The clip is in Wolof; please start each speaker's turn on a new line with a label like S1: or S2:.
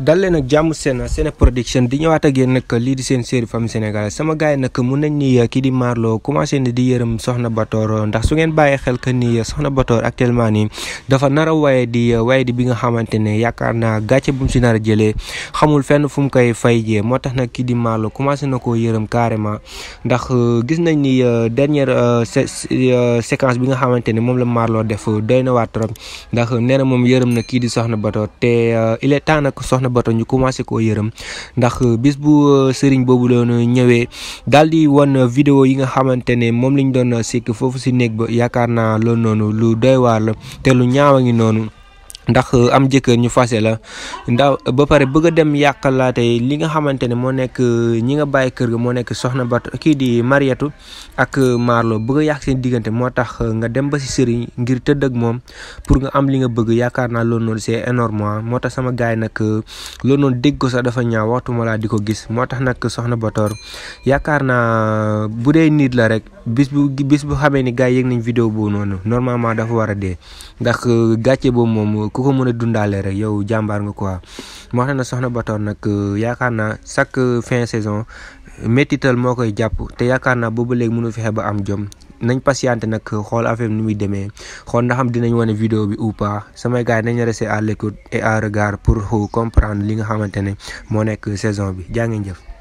S1: dal leen ak jàmm seen seen production di ñëwaat ak yéen nag lii di seen série famille sénégalaise sama gars yi nag mun nañ ni kii di Marlo commencé na di yërëm Soxna Batoor ndax su ngeen bàyyee xel que nii Soxna Batoor actuellement nii dafa nar a waye di waye di bi nga xamante ne yaakaar naa gàcce bu mu si nar a jëlee xamul fenn fu mu koy fay jee moo tax nag kii di Marlo commencé na ko yërëm carrément ndax euh, gis nañ ni euh, dernière euh, sequence bi nga xamante ne moom la Marlo def doy na waat trop ndax nee moom yërëm na kii di Soxna Batoor soxna Bato ñu commencé koo yërëm ndax euh, bis bu euh, sëriñ boobu doon ñëwee daal di wan euh, vidéo yi nga xamante ne moom lañ doon sikk foofu si néeg ba yaakaar naa loolu noonu lu doy waar la te lu ñaawa ngi noonu ndax euh, am jëkkër ñu fase la ndax ba pare bëgg a dem yàqalaate li nga xamante ne moo nekk euh, ñi nga bàyyi kër ga moo nekk soxna bat kii di Mariétu ak euh, Marlo bëgg a yàq seen diggante moo tax nga dem ba si sëriñ ngir tëdd ak moom pour nga am li nga bëgg yaakaar naa loolu noonu see énorme ah. moo tax sama gaay nag loolu noonu dégg ko sax dafa ñaaw waxtu ma laa di ko gis moo tax nag soxna Batoor yaakaar naa bu dee nit la rek. bis bu bis bu xamee ni gars yi yëg nañ vidéo boobu noonu normalement dafa war a dee ndax euh, gàcce boobu moom euh, ku ko mën a dundaale rek yow jàmbaar nga quoi moo tax na soxna Batoor nag euh, yaakaar naa chaque fin saison métital moo koy jàpp te yaakaar naa boobu léegi mënu fexe ba am jom nañ patienté nag xool affaire nu muy demee xool ndax am dinañ wane video bi ou pas samay gars yi nañ resté à l'écoute et à regard pour comprendre li nga xamante ne moo nekk saison bi jaa jëf.